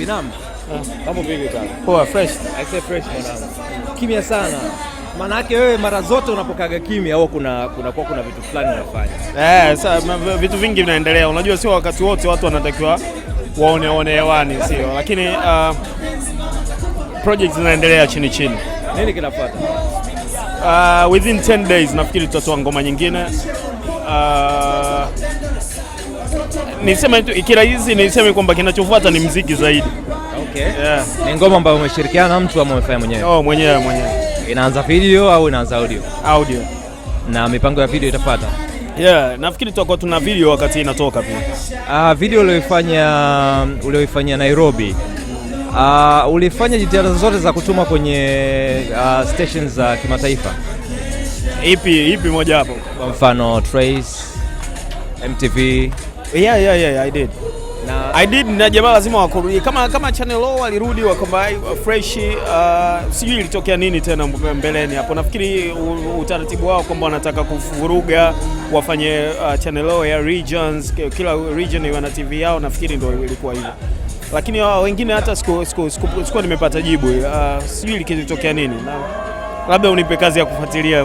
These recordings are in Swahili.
Binamu. Mambo vipi kaka? Poa, fresh. I say fresh mwanangu. Kimya sana. Maana yake wewe mara zote unapokaga kimya au kuna kuna kwa kuna vitu fulani unafanya. Eh, sasa vitu vingi vinaendelea. Unajua sio wakati wote watu wanatakiwa waone waone hewani sio, lakini uh, ah, project zinaendelea chini chini. Nini kinafuata? Uh, within 10 days nafikiri tutatoa ngoma nyingine. Uh, niseme tu kirahisi, niseme kwamba kinachofuata ni mziki zaidi. Okay. Yeah. Ni ngoma ambayo umeshirikiana na mtu ama umefanya mwenyewe? Oh, mwenyewe mwenyewe. Inaanza video au inaanza audio? Audio. Na mipango ya video itafuata? Yeah, nafikiri tutakuwa tuna video wakati inatoka pia. Ah, uh, video uliyoifanya ulioifanyia Nairobi. Ah, uh, ulifanya jitihada zote za kutuma kwenye uh, stations za uh, kimataifa? Ipi ipi moja hapo? Kwa mfano Trace MTV? Yeah, yeah, yeah, I did. Na I did na jamaa lazima wakurudi. Eh, kama kama channel O walirudi wakomba uh, fresh uh, sijui ilitokea nini tena mbeleni hapo. Nafikiri utaratibu wao kwamba wanataka kuvuruga wafanye uh, channel O ya regions, kila region iwe na TV yao, nafikiri ndio ilikuwa hivyo. Lakini uh, wengine hata siku siku siku nimepata jibu. Uh, sijui ilitokea nini. Na labda unipe kazi ya kufuatilia.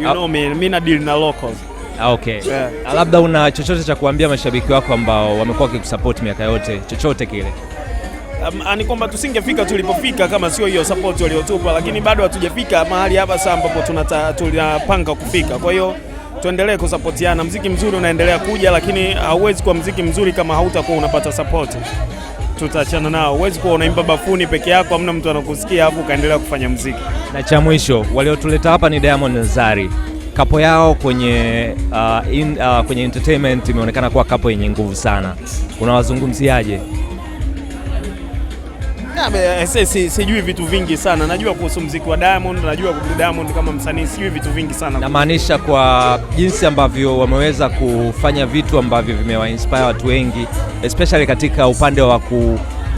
You know me, mimi na deal na locals. Ah, okay. Yeah. Labda una chochote cha kuambia mashabiki wako ambao wamekuwa wakikusupport miaka yote, chochote kile? Um, ah, ni kwamba tusingefika tulipofika kama sio hiyo support waliotupa, lakini bado hatujafika mahali hapa sasa ambapo tunapanga kufika. Kwa hiyo tuendelee kusapotiana. Mziki mzuri unaendelea kuja, lakini hauwezi kuwa mziki mzuri kama hautakuwa unapata support. Tutaachana nao. Huwezi kuwa unaimba bafuni peke yako, amna mtu anakusikia, alafu ukaendelea kufanya mziki. Na cha mwisho, waliotuleta hapa ni Diamond Zari kapo yao kwenye, uh, in, uh, kwenye entertainment imeonekana kuwa kapo yenye nguvu sana. Unawazungumziaje? Eh, sijui si vitu vingi sana, najua kuhusu muziki wa Diamond, najua kuhusu Diamond kama msanii, sijui vitu vingi sana. Namaanisha kwa jinsi ambavyo wameweza kufanya vitu ambavyo vimewainspire watu wengi, especially katika upande wa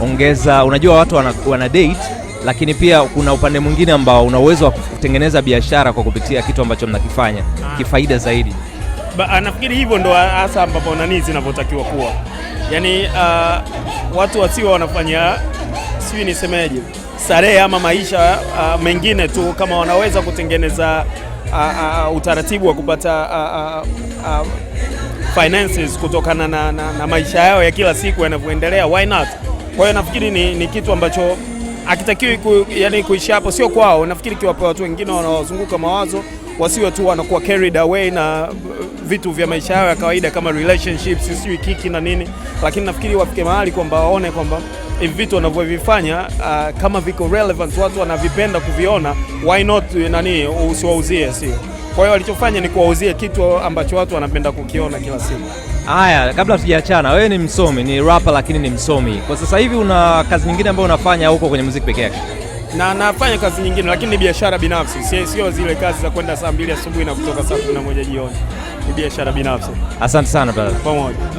kuongeza, unajua watu wana, wana date lakini pia kuna upande mwingine ambao una uwezo wa kutengeneza biashara kwa kupitia kitu ambacho mnakifanya ah. kifaida zaidi. Ba, ah, nafikiri hivyo ndo hasa ambapo nani zinavyotakiwa kuwa, yaani uh, watu wasiwa wanafanya sijui nisemeje starehe ama maisha uh, mengine tu, kama wanaweza kutengeneza uh, uh, utaratibu wa kupata uh, uh, uh, finances kutokana na, na, na maisha yao ya kila siku yanavyoendelea, why not? Kwa hiyo nafikiri ni, ni kitu ambacho akitakiwi ku, yani kuishia hapo, sio kwao. Nafikiri kiwape watu wengine wanaozunguka mawazo wasiwe tu wanakuwa carried away na uh, vitu vya maisha yao ya kawaida kama relationships, sijui kiki na nini, lakini nafikiri wafike mahali kwamba waone kwamba hivi vitu wanavyovifanya uh, kama viko relevant, watu wanavipenda kuviona, why not nani, usiwauzie sio? Kwa hiyo walichofanya ni kuwauzia kitu ambacho watu wanapenda kukiona kila siku. Haya, kabla tujaachana, wewe ni msomi, ni rapper lakini ni msomi. Kwa sasa hivi una kazi nyingine ambayo unafanya huko kwenye muziki peke yake? Na nafanya kazi nyingine lakini ni biashara binafsi, sio zile kazi za kwenda saa mbili asubuhi na kutoka saa kumi na moja jioni. Ni biashara binafsi. Asante sana brother. Pamoja.